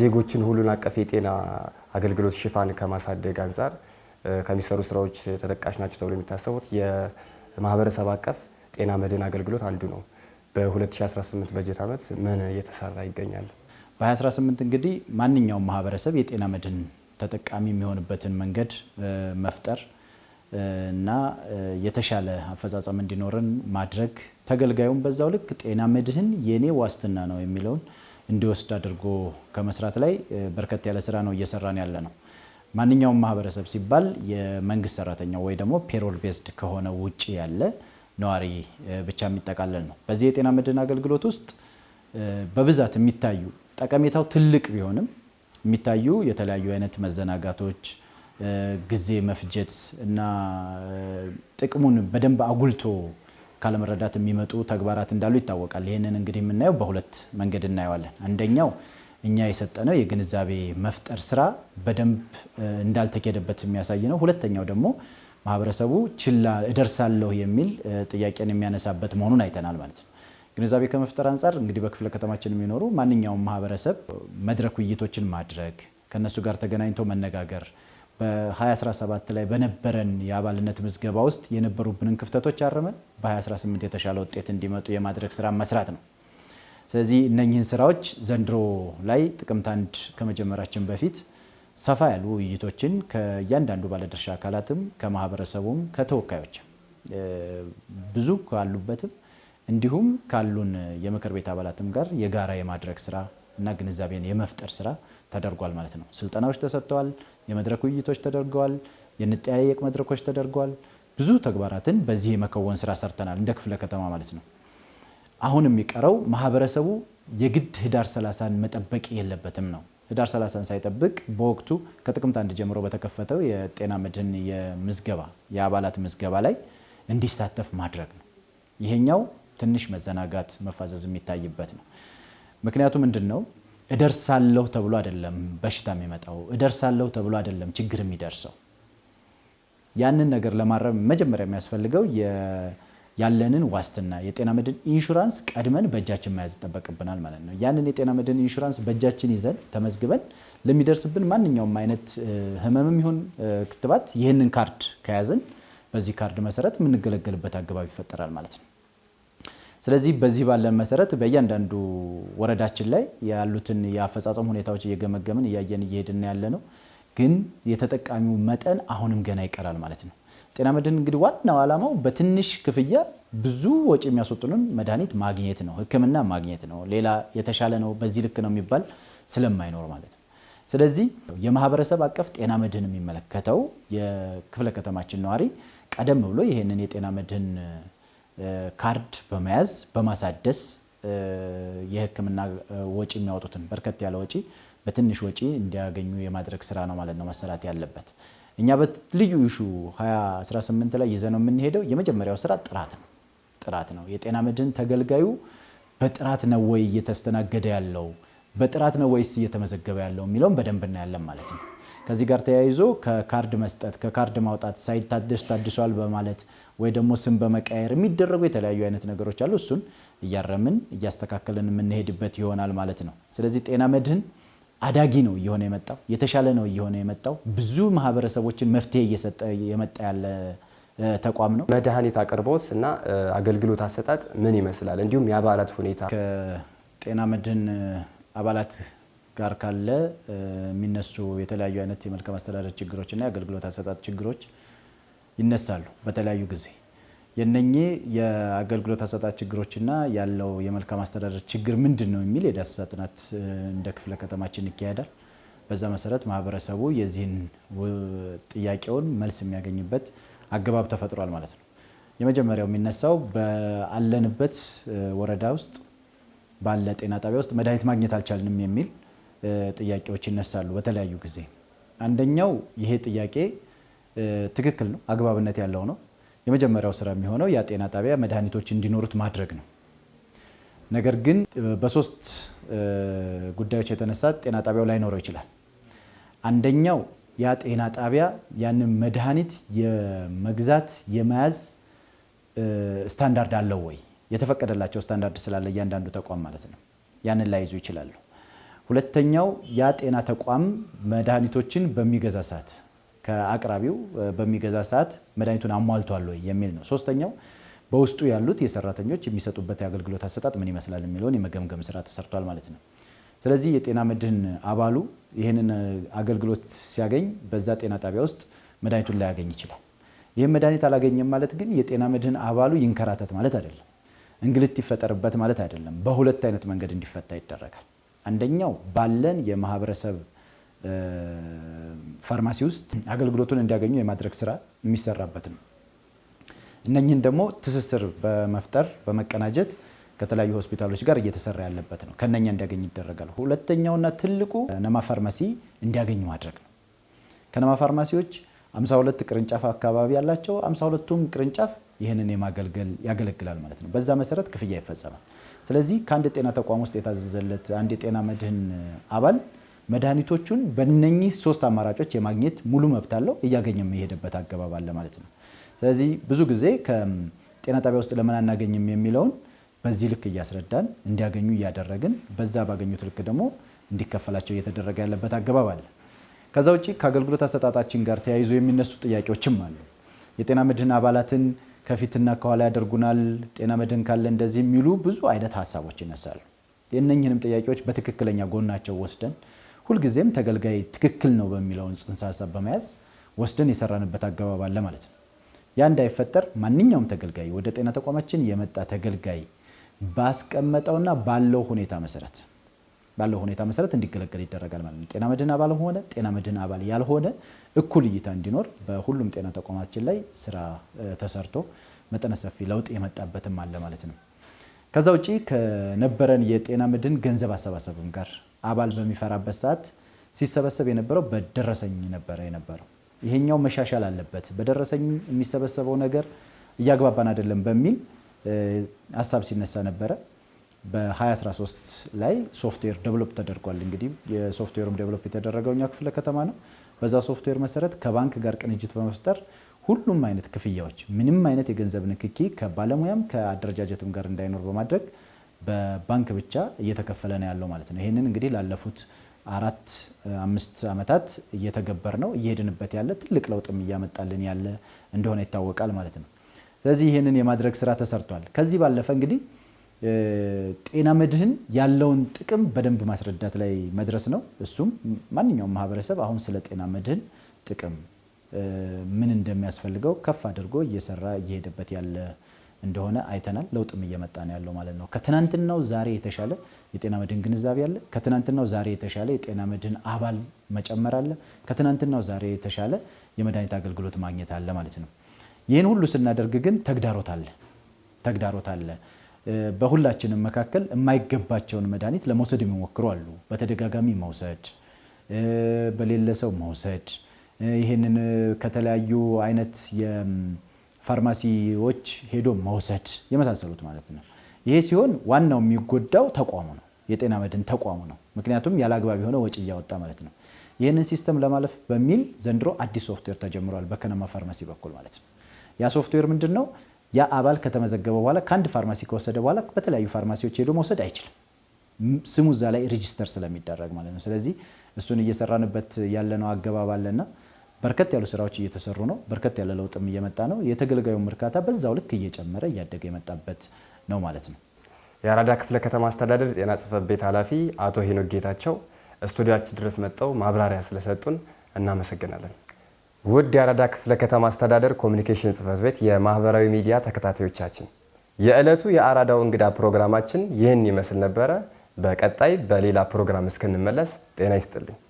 ዜጎችን ሁሉን አቀፍ የጤና አገልግሎት ሽፋን ከማሳደግ አንጻር ከሚሰሩ ስራዎች ተጠቃሽ ናቸው ተብሎ የሚታሰቡት የማህበረሰብ አቀፍ ጤና መድን አገልግሎት አንዱ ነው። በ2018 በጀት ዓመት ምን እየተሰራ ይገኛል? በ2018 እንግዲህ ማንኛውም ማህበረሰብ የጤና መድን ተጠቃሚ የሚሆንበትን መንገድ መፍጠር እና የተሻለ አፈጻጸም እንዲኖረን ማድረግ ተገልጋዩም በዛው ልክ ጤና መድህን የኔ ዋስትና ነው የሚለውን እንዲወስድ አድርጎ ከመስራት ላይ በርከት ያለ ስራ ነው እየሰራን ያለ ነው። ማንኛውም ማህበረሰብ ሲባል የመንግስት ሰራተኛ ወይ ደግሞ ፔሮል ቤዝድ ከሆነ ውጭ ያለ ነዋሪ ብቻ የሚጠቃለል ነው። በዚህ የጤና መድህን አገልግሎት ውስጥ በብዛት የሚታዩ ጠቀሜታው ትልቅ ቢሆንም የሚታዩ የተለያዩ አይነት መዘናጋቶች፣ ጊዜ መፍጀት እና ጥቅሙን በደንብ አጉልቶ ካለመረዳት የሚመጡ ተግባራት እንዳሉ ይታወቃል። ይህንን እንግዲህ የምናየው በሁለት መንገድ እናየዋለን። አንደኛው እኛ የሰጠነው የግንዛቤ መፍጠር ስራ በደንብ እንዳልተኬደበት የሚያሳይ ነው። ሁለተኛው ደግሞ ማህበረሰቡ ችላ እደርሳለሁ የሚል ጥያቄን የሚያነሳበት መሆኑን አይተናል ማለት ነው። ግንዛቤ ከመፍጠር አንጻር እንግዲህ በክፍለ ከተማችን የሚኖሩ ማንኛውም ማህበረሰብ መድረክ ውይይቶችን ማድረግ ከእነሱ ጋር ተገናኝቶ መነጋገር በ2017 ላይ በነበረን የአባልነት ምዝገባ ውስጥ የነበሩብንን ክፍተቶች አረመን በ2018 የተሻለ ውጤት እንዲመጡ የማድረግ ስራ መስራት ነው። ስለዚህ እነኚህን ስራዎች ዘንድሮ ላይ ጥቅምት አንድ ከመጀመራችን በፊት ሰፋ ያሉ ውይይቶችን ከእያንዳንዱ ባለድርሻ አካላትም ከማህበረሰቡም ከተወካዮችም ብዙ ካሉበትም እንዲሁም ካሉን የምክር ቤት አባላትም ጋር የጋራ የማድረግ ስራ እና ግንዛቤን የመፍጠር ስራ ተደርጓል ማለት ነው። ስልጠናዎች ተሰጥተዋል። የመድረክ ውይይቶች ተደርገዋል። የንጠያየቅ መድረኮች ተደርገዋል። ብዙ ተግባራትን በዚህ የመከወን ስራ ሰርተናል፣ እንደ ክፍለ ከተማ ማለት ነው። አሁን የሚቀረው ማህበረሰቡ የግድ ህዳር ሰላሳን መጠበቅ የለበትም ነው። ህዳር ሰላሳን ሳይጠብቅ በወቅቱ ከጥቅምት አንድ ጀምሮ በተከፈተው የጤና መድህን የምዝገባ የአባላት ምዝገባ ላይ እንዲሳተፍ ማድረግ ነው ይሄኛው ትንሽ መዘናጋት፣ መፋዘዝ የሚታይበት ነው። ምክንያቱ ምንድን ነው? እደርሳለሁ ተብሎ አይደለም በሽታ የሚመጣው፣ እደርሳለሁ ተብሎ አይደለም ችግር የሚደርሰው። ያንን ነገር ለማረም መጀመሪያ የሚያስፈልገው ያለንን ዋስትና የጤና መድን ኢንሹራንስ ቀድመን በእጃችን መያዝ ይጠበቅብናል ማለት ነው። ያንን የጤና መድን ኢንሹራንስ በእጃችን ይዘን ተመዝግበን ለሚደርስብን ማንኛውም አይነት ህመምም ይሁን ክትባት ይህንን ካርድ ከያዝን በዚህ ካርድ መሰረት የምንገለገልበት አገባብ ይፈጠራል ማለት ነው። ስለዚህ በዚህ ባለን መሰረት በእያንዳንዱ ወረዳችን ላይ ያሉትን የአፈጻጸም ሁኔታዎች እየገመገምን እያየን እየሄድን ያለ ነው። ግን የተጠቃሚው መጠን አሁንም ገና ይቀራል ማለት ነው። ጤና መድን እንግዲህ ዋናው ዓላማው በትንሽ ክፍያ ብዙ ወጪ የሚያስወጡንን መድኃኒት ማግኘት ነው፣ ሕክምና ማግኘት ነው። ሌላ የተሻለ ነው በዚህ ልክ ነው የሚባል ስለማይኖር ማለት ነው። ስለዚህ የማህበረሰብ አቀፍ ጤና መድህን የሚመለከተው የክፍለ ከተማችን ነዋሪ ቀደም ብሎ ይህንን የጤና መድህን ካርድ በመያዝ በማሳደስ የህክምና ወጪ የሚያወጡትን በርከት ያለ ወጪ በትንሽ ወጪ እንዲያገኙ የማድረግ ስራ ነው ማለት ነው መሰራት ያለበት። እኛ በልዩ ኢሹ 2018 ላይ ነው የምንሄደው የመጀመሪያው ስራ ጥራት ነው። ጥራት ነው። የጤና መድህን ተገልጋዩ በጥራት ነው ወይ እየተስተናገደ ያለው፣ በጥራት ነው ወይስ እየተመዘገበ ያለው የሚለውን በደንብ እናያለን ማለት ነው። ከዚህ ጋር ተያይዞ ከካርድ መስጠት፣ ከካርድ ማውጣት ሳይታደስ ታድሷል በማለት ወይ ደግሞ ስም በመቀየር የሚደረጉ የተለያዩ አይነት ነገሮች አሉ። እሱን እያረምን እያስተካከልን የምንሄድበት ይሆናል ማለት ነው። ስለዚህ ጤና መድህን አዳጊ ነው እየሆነ የመጣው የተሻለ ነው እየሆነ የመጣው ብዙ ማህበረሰቦችን መፍትሄ እየሰጠ የመጣ ያለ ተቋም ነው። መድኃኒት አቅርቦት እና አገልግሎት አሰጣጥ ምን ይመስላል? እንዲሁም የአባላት ሁኔታ ከጤና መድህን አባላት ጋር ካለ የሚነሱ የተለያዩ አይነት የመልካም አስተዳደር ችግሮች የአገልግሎት አሰጣጥ ችግሮች ይነሳሉ በተለያዩ ጊዜ። የነኚህ የአገልግሎት አሰጣጥ ችግሮችና ያለው የመልካም አስተዳደር ችግር ምንድን ነው የሚል የዳሰሳ ጥናት እንደ ክፍለ ከተማችን ይካሄዳል። በዛ መሰረት ማህበረሰቡ የዚህን ጥያቄውን መልስ የሚያገኝበት አገባብ ተፈጥሯል ማለት ነው። የመጀመሪያው የሚነሳው በአለንበት ወረዳ ውስጥ ባለ ጤና ጣቢያ ውስጥ መድኃኒት ማግኘት አልቻልንም የሚል ጥያቄዎች ይነሳሉ በተለያዩ ጊዜ። አንደኛው ይሄ ጥያቄ ትክክል ነው፣ አግባብነት ያለው ነው። የመጀመሪያው ስራ የሚሆነው ያ ጤና ጣቢያ መድኃኒቶች እንዲኖሩት ማድረግ ነው። ነገር ግን በሶስት ጉዳዮች የተነሳ ጤና ጣቢያው ላይኖረው ይችላል። አንደኛው ያ ጤና ጣቢያ ያንን መድኃኒት የመግዛት የመያዝ ስታንዳርድ አለው ወይ? የተፈቀደላቸው ስታንዳርድ ስላለ እያንዳንዱ ተቋም ማለት ነው ያንን ላይዙ ይችላሉ። ሁለተኛው ያ ጤና ተቋም መድኃኒቶችን በሚገዛ ሰዓት ከአቅራቢው በሚገዛ ሰዓት መድኃኒቱን አሟልቷል ወይ የሚል ነው። ሶስተኛው በውስጡ ያሉት የሰራተኞች የሚሰጡበት የአገልግሎት አሰጣጥ ምን ይመስላል የሚለውን የመገምገም ስራ ተሰርቷል ማለት ነው። ስለዚህ የጤና መድህን አባሉ ይህንን አገልግሎት ሲያገኝ በዛ ጤና ጣቢያ ውስጥ መድኃኒቱን ላያገኝ ይችላል። ይህም መድኃኒት አላገኘም ማለት ግን የጤና መድህን አባሉ ይንከራተት ማለት አይደለም፣ እንግልት ይፈጠርበት ማለት አይደለም። በሁለት አይነት መንገድ እንዲፈታ ይደረጋል። አንደኛው ባለን የማህበረሰብ ፋርማሲ ውስጥ አገልግሎቱን እንዲያገኙ የማድረግ ስራ የሚሰራበት ነው። እነኝህን ደግሞ ትስስር በመፍጠር በመቀናጀት ከተለያዩ ሆስፒታሎች ጋር እየተሰራ ያለበት ነው። ከነኛ እንዲያገኝ ይደረጋል። ሁለተኛውና ትልቁ ነማ ፋርማሲ እንዲያገኙ ማድረግ ነው። ከነማ ፋርማሲዎች 52 ቅርንጫፍ አካባቢ ያላቸው 52ቱም ቅርንጫፍ ይህንን የማገልገል ያገለግላል ማለት ነው። በዛ መሰረት ክፍያ ይፈጸማል። ስለዚህ ከአንድ ጤና ተቋም ውስጥ የታዘዘለት አንድ የጤና መድህን አባል መድኃኒቶቹን በነኚህ ሶስት አማራጮች የማግኘት ሙሉ መብት አለው። እያገኘ የሄደበት አገባብ አለ ማለት ነው። ስለዚህ ብዙ ጊዜ ከጤና ጣቢያ ውስጥ ለምን አናገኝም የሚለውን በዚህ ልክ እያስረዳን እንዲያገኙ እያደረግን በዛ ባገኙት ልክ ደግሞ እንዲከፈላቸው እየተደረገ ያለበት አገባብ አለ። ከዛ ውጭ ከአገልግሎት አሰጣጣችን ጋር ተያይዞ የሚነሱ ጥያቄዎችም አሉ። የጤና መድህን አባላትን ከፊትና ከኋላ ያደርጉናል፣ ጤና መድን ካለ እንደዚህ የሚሉ ብዙ አይነት ሀሳቦች ይነሳሉ። የእነኝህንም ጥያቄዎች በትክክለኛ ጎናቸው ወስደን ሁልጊዜም ተገልጋይ ትክክል ነው በሚለውን ጽንሰ ሀሳብ በመያዝ ወስደን የሰራንበት አገባብ አለ ማለት ነው። ያ እንዳይፈጠር ማንኛውም ተገልጋይ ወደ ጤና ተቋማችን የመጣ ተገልጋይ ባስቀመጠውና ባለው ሁኔታ መሰረት ባለው ሁኔታ መሰረት እንዲገለገል ይደረጋል ማለት ነው። ጤና መድህን አባል ሆነ ጤና መድህን አባል ያልሆነ እኩል እይታ እንዲኖር በሁሉም ጤና ተቋማችን ላይ ስራ ተሰርቶ መጠነ ሰፊ ለውጥ የመጣበትም አለ ማለት ነው። ከዛ ውጪ ከነበረን የጤና መድህን ገንዘብ አሰባሰብም ጋር አባል በሚፈራበት ሰዓት ሲሰበሰብ የነበረው በደረሰኝ ነበረ የነበረው። ይሄኛው መሻሻል አለበት፣ በደረሰኝ የሚሰበሰበው ነገር እያግባባን አይደለም በሚል ሀሳብ ሲነሳ ነበረ። በ2013 ላይ ሶፍትዌር ዴቨሎፕ ተደርጓል። እንግዲህ የሶፍትዌርም ዴቨሎፕ የተደረገው እኛ ክፍለ ከተማ ነው። በዛ ሶፍትዌር መሰረት ከባንክ ጋር ቅንጅት በመፍጠር ሁሉም አይነት ክፍያዎች፣ ምንም አይነት የገንዘብ ንክኪ ከባለሙያም ከአደረጃጀትም ጋር እንዳይኖር በማድረግ በባንክ ብቻ እየተከፈለ ነው ያለው ማለት ነው። ይህንን እንግዲህ ላለፉት አራት አምስት ዓመታት እየተገበር ነው እየሄድንበት ያለ ትልቅ ለውጥም እያመጣልን ያለ እንደሆነ ይታወቃል ማለት ነው። ስለዚህ ይህንን የማድረግ ስራ ተሰርቷል። ከዚህ ባለፈ እንግዲህ ጤና መድህን ያለውን ጥቅም በደንብ ማስረዳት ላይ መድረስ ነው። እሱም ማንኛውም ማህበረሰብ አሁን ስለ ጤና መድህን ጥቅም ምን እንደሚያስፈልገው ከፍ አድርጎ እየሰራ እየሄደበት ያለ እንደሆነ አይተናል። ለውጥም እየመጣ ነው ያለው ማለት ነው። ከትናንትናው ዛሬ የተሻለ የጤና መድህን ግንዛቤ አለ። ከትናንትናው ዛሬ የተሻለ የጤና መድህን አባል መጨመር አለ። ከትናንትናው ዛሬ የተሻለ የመድኃኒት አገልግሎት ማግኘት አለ ማለት ነው። ይህን ሁሉ ስናደርግ ግን ተግዳሮት አለ ተግዳሮት አለ በሁላችንም መካከል የማይገባቸውን መድኃኒት ለመውሰድ የሚሞክሩ አሉ። በተደጋጋሚ መውሰድ፣ በሌለ ሰው መውሰድ፣ ይህንን ከተለያዩ አይነት የፋርማሲዎች ሄዶ መውሰድ የመሳሰሉት ማለት ነው። ይሄ ሲሆን ዋናው የሚጎዳው ተቋሙ ነው፣ የጤና መድን ተቋሙ ነው። ምክንያቱም ያለ አግባብ የሆነ ወጪ እያወጣ ማለት ነው። ይህንን ሲስተም ለማለፍ በሚል ዘንድሮ አዲስ ሶፍትዌር ተጀምሯል፣ በከነማ ፋርማሲ በኩል ማለት ነው። ያ ሶፍትዌር ምንድን ነው? ያ አባል ከተመዘገበ በኋላ ከአንድ ፋርማሲ ከወሰደ በኋላ በተለያዩ ፋርማሲዎች ሄዶ መውሰድ አይችልም። ስሙ እዛ ላይ ሬጂስተር ስለሚደረግ ማለት ነው። ስለዚህ እሱን እየሰራንበት ያለነው አገባብ አለና በርከት ያሉ ስራዎች እየተሰሩ ነው። በርከት ያለ ለውጥም እየመጣ ነው። የተገልጋዩን እርካታ በዛው ልክ እየጨመረ እያደገ የመጣበት ነው ማለት ነው። የአራዳ ክፍለ ከተማ አስተዳደር ጤና ጽህፈት ቤት ኃላፊ አቶ ሄኖክ ጌታቸው ስቱዲዮአችን ድረስ መጥተው ማብራሪያ ስለሰጡን እናመሰግናለን። ውድ የአራዳ ክፍለ ከተማ አስተዳደር ኮሚኒኬሽን ጽህፈት ቤት የማህበራዊ ሚዲያ ተከታታዮቻችን የዕለቱ የአራዳው እንግዳ ፕሮግራማችን ይህን ይመስል ነበረ። በቀጣይ በሌላ ፕሮግራም እስክንመለስ ጤና ይስጥልኝ።